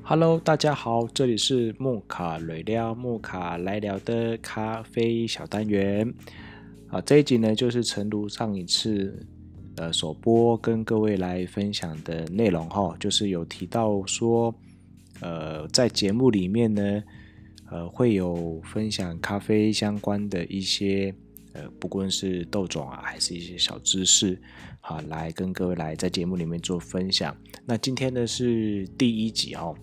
Hello，大家好，這裡是睦卡瑞聊睦卡來聊的咖啡小單元啊。這一集呢，就是承續上一次呃首播跟各位來分享的內容哈、哦，就是有提到說呃在節目裡面呢呃會有分享咖啡相關的一些。呃，不管是豆種啊，還是一些小知識，好、啊，來跟各位來在節目裡面做分享。那今天呢是第一集哦，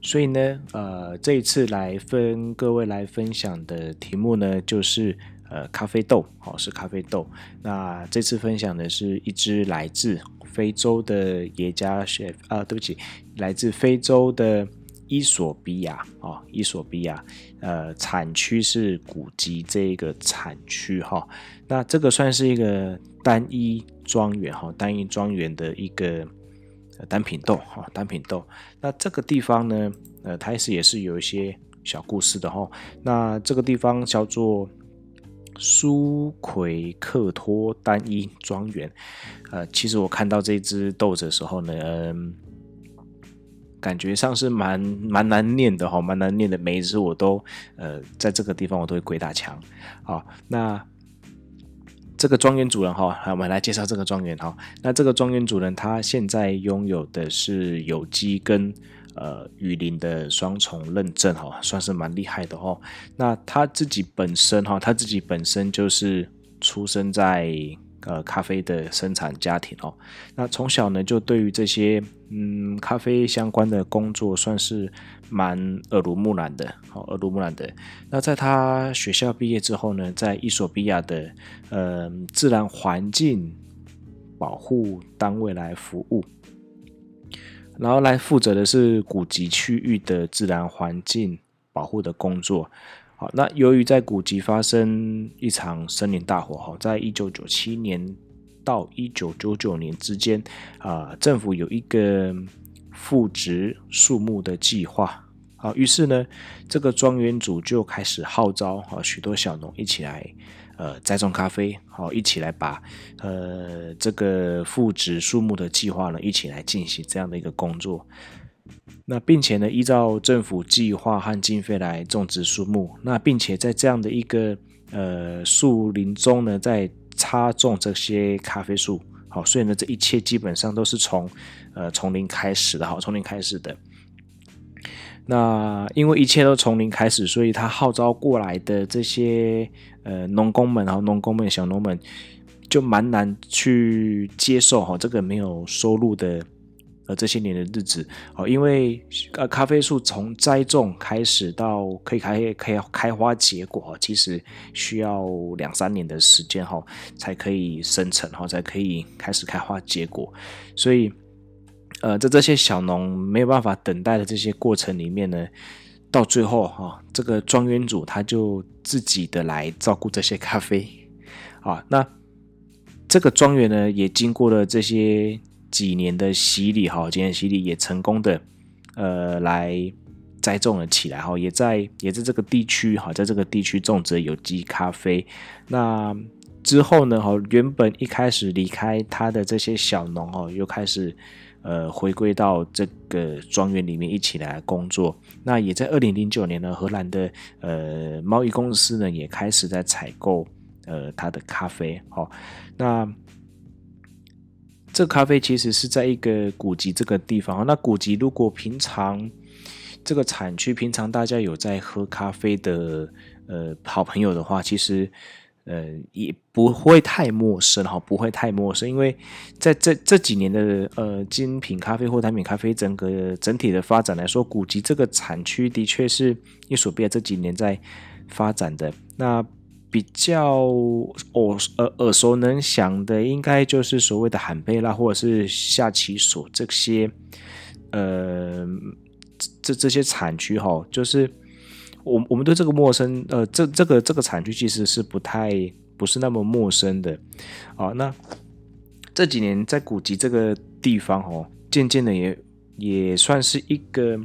所以呢，呃，這一次來跟各位來分享的題目呢，就是呃咖啡豆哦，是咖啡豆。那這次分享的是一支來自非洲的耶加雪啊，對不起，來自非洲的。伊索比亞啊、哦，伊索比亞，呃，產區是古吉這一個產區哈，那這個算是一個單一莊園哈，單一莊園的一個單品豆哈，單品豆。那這個地方呢，呃，它也是有一些小故事的哈。那這個地方叫做蘇魁克托單一莊園，呃，其實我看到這支豆子的時候呢。嗯感覺上是蠻蠻難念的哈，蠻難念的。每一次我都呃，在這個地方我都會鬼打牆。好，那這個莊園主人哈，好，我們來介紹這個莊園哈。那這個莊園主人他現在擁有的是有機跟，呃，雨林的雙重認證哈，算是蠻厲害的哦，那他自己本身哈，他自己本身就是出生在呃，咖啡的生產家庭哦。那從小呢，就對於這些。嗯，咖啡相關的工作算是蠻耳濡目染的，哦，耳濡目染的。那在他學校畢業之後呢，在衣索比亞的嗯、呃、自然環境保護單位來服務，然後來負責的是古吉區域的自然環境保護的工作。好，那由於在古吉發生一場森林大火，好、哦，在一九九七年。到一九九九年之間，啊、呃，政府有一個復植樹木的計劃，好、啊，於是呢，這個莊園主就開始號召啊許多小農一起來，呃，栽種咖啡，好、啊，一起來把呃這個復植樹木的計劃呢，一起來進行這樣的一個工作。那並且呢，依照政府計劃和經費來種植樹木，那並且在這樣的一個呃樹林中呢，在插種這些咖啡樹，好，所以呢，這一切基本上都是從，呃，從零開始的，好，從零開始的。那因為一切都從零開始，所以他號召過來的這些呃農工們，然後農工們、小農們，就蠻難去接受哈，這個沒有收入的。呃、這些年的日子，哦，因為呃，咖啡樹從栽種開始到可以開開開花結果，其實需要兩三年的時間哈、哦，才可以生成哈、哦，才可以開始開花結果。所以，呃，在這些小農沒有辦法等待的這些過程裡面呢，到最後哈、哦，這個莊園主他就自己的來照顧這些咖啡，啊，那這個莊園呢，也經過了這些。幾年的洗禮哈，幾年洗禮也成功的，呃，來栽種了起來哈，也在也在這個地區哈，在這個地區種植有機咖啡。那之後呢哈，原本一開始離開他的這些小農哈，又開始呃回歸到這個莊園裡面一起來工作。那也在二零零九年呢，荷蘭的呃貿易公司呢也開始在採購呃他的咖啡，哦，那。這個咖啡其實是在一個古吉這個地方，那古吉如果平常這個產區，平常大家有在喝咖啡的呃好朋友的話，其實呃也不會太陌生哈，不會太陌生，因為在這這幾年的呃精品咖啡或單品咖啡整個整體的發展來說，古吉這個產區的確是衣索比亞這幾年在發展的那。比較耳呃耳熟能詳的，應該就是所謂的罕貝拉或者是夏奇索這些，呃，這這，這些產區哈，就是我們我們對這個陌生呃這這個這個產區其實是不太不是那麼陌生的啊。那這幾年在古吉這個地方哦，漸漸的也也算是一個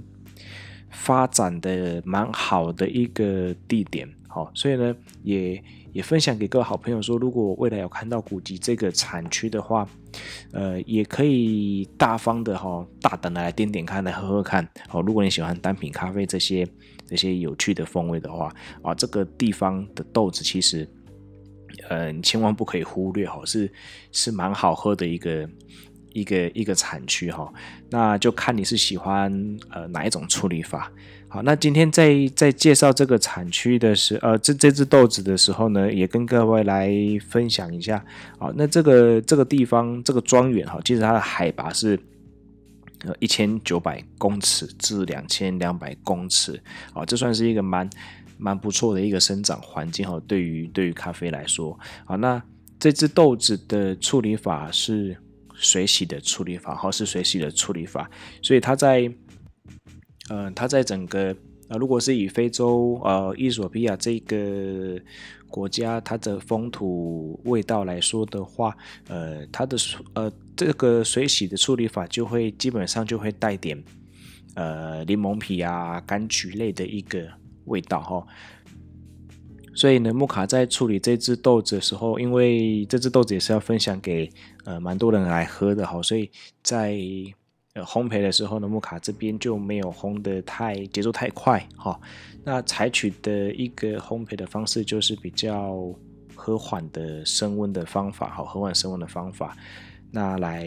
發展的蠻好的一個地點。好，所以呢，也也分享給各位好朋友說，如果我未來有看到古吉這個產區的話，呃，也可以大方的哈、哦，大膽的來點點看，來喝喝看。哦，如果你喜歡單品咖啡這些這些有趣的風味的話，啊，這個地方的豆子其實，嗯、呃、千萬不可以忽略哈、哦，是是蠻好喝的一個一個一個產區哈。那就看你是喜歡呃哪一種處理法。好，那今天在在介紹這個產區的時候，呃，這這隻豆子的時候呢，也跟各位來分享一下。啊、哦，那這個這個地方這個莊園哈、哦，其實它的海拔是呃一千九百公尺至兩千兩百公尺。好、哦，這算是一個蠻蠻不錯的一個生長環境哈、哦。對於對於咖啡來說，啊、哦，那這隻豆子的處理法是水洗的處理法，或、哦、是水洗的處理法，所以它在。呃，它在整個啊、呃，如果是以非洲呃，衣索比亞這個國家它的風土味道來說的話，呃，它的呃這個水洗的處理法就會基本上就會帶點呃檸檬皮啊、柑橘類的一個味道哈、哦。所以呢，睦卡在處理這隻豆子的時候，因為這隻豆子也是要分享給呃蠻多人來喝的哈、哦，所以在烘焙的時候呢，木卡這邊就沒有烘得太節奏太快哈、哦。那採取的一個烘焙的方式就是比較和緩的升溫的方法，好、哦、和緩升溫的方法，那來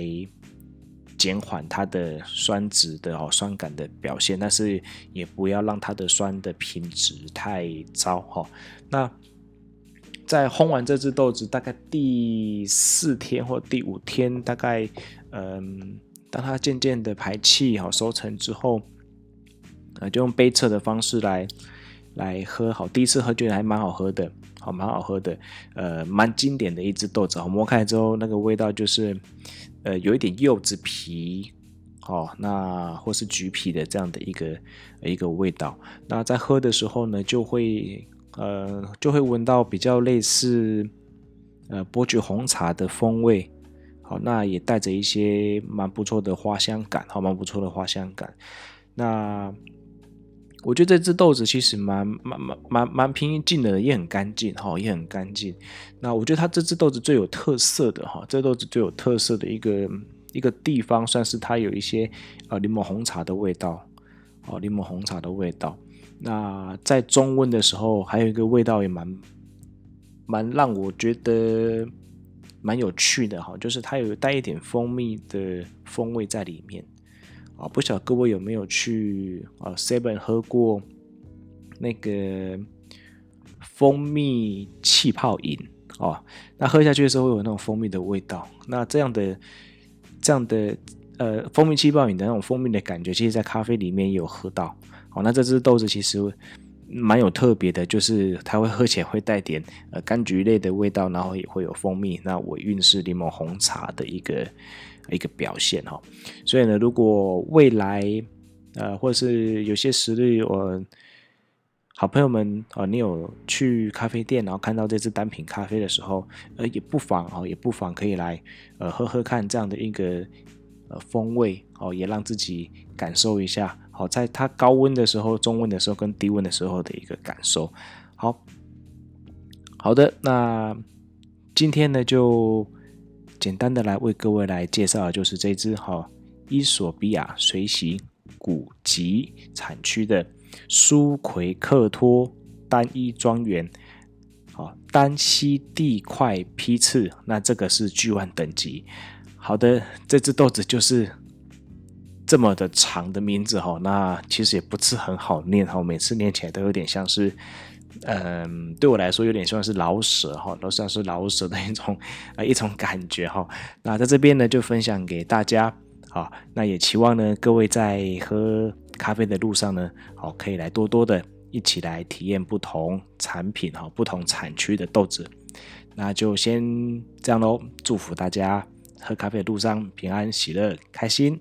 減緩它的酸值的哦酸感的表現，但是也不要讓它的酸的品質太糟哈、哦。那在烘完這支豆子大概第四天或第五天，大概嗯。當它漸漸的排氣好，收成之後，呃，就用杯測的方式來來喝好。第一次喝覺得還蠻好喝的，好蠻好喝的，呃，蠻經典的一只豆子。好，磨開之後那個味道就是，呃，有一點柚子皮，哦，那或是橘皮的這樣的一個一個味道。那在喝的時候呢，就會呃就會聞到比較類似，呃，伯爵紅茶的風味。好，那也帶着一些蠻不錯的花香感，好，蠻不錯的花香感。那我覺得這只豆子其實蠻蠻蠻蠻蠻平易近人，也很乾淨，哈、哦，也很乾淨。那我覺得它這只豆子最有特色的，哈、哦，這豆子最有特色的一個一個地方，算是它有一些呃檸檬紅茶的味道，哦，檸檬紅茶的味道。那在中溫的時候，還有一個味道也蠻蠻讓我覺得。蠻有趣的哈，就是它有帶一點蜂蜜的風味在裡面啊。不曉得各位有沒有去啊 Seven 喝過那個蜂蜜氣泡飲哦？那喝下去的時候會有那種蜂蜜的味道。那這樣的這樣的呃蜂蜜氣泡飲的那種蜂蜜的感覺，其實，在咖啡裡面有喝到哦。那這隻豆子其實。蠻有特別的，就是它會喝起來會帶點呃柑橘類的味道，然後也會有蜂蜜，那我韻是檸檬紅茶的一個一個表現哈、哦。所以呢，如果未來呃或是有些時日，我好朋友們啊、呃，你有去咖啡店，然後看到這支單品咖啡的時候，呃，也不妨哦，也不妨可以來呃喝喝看這樣的一個呃風味哦，也讓自己感受一下。好，在它高溫的時候、中溫的時候跟低溫的時候的一個感受。好，好的，那今天呢，就簡單的來為各位來介紹，就是這只哈，伊索比亞水洗古吉產區的蘇魁克托單一莊園，好，丹曦地塊批次，那這個是 G1 等級。好的，這只豆子就是。這麼的長的名字哈，那其實也不是很好念哈，每次念起來都有點像是，嗯、呃，對我來說有點像是饒舌哈，都像是饒舌的一種啊一種感覺哈。那在這邊呢，就分享給大家啊，那也期望呢，各位在喝咖啡的路上呢，哦可以來多多的一起來體驗不同單品哈，不同產區的豆子。那就先這樣嘍，祝福大家喝咖啡的路上平安喜樂開心。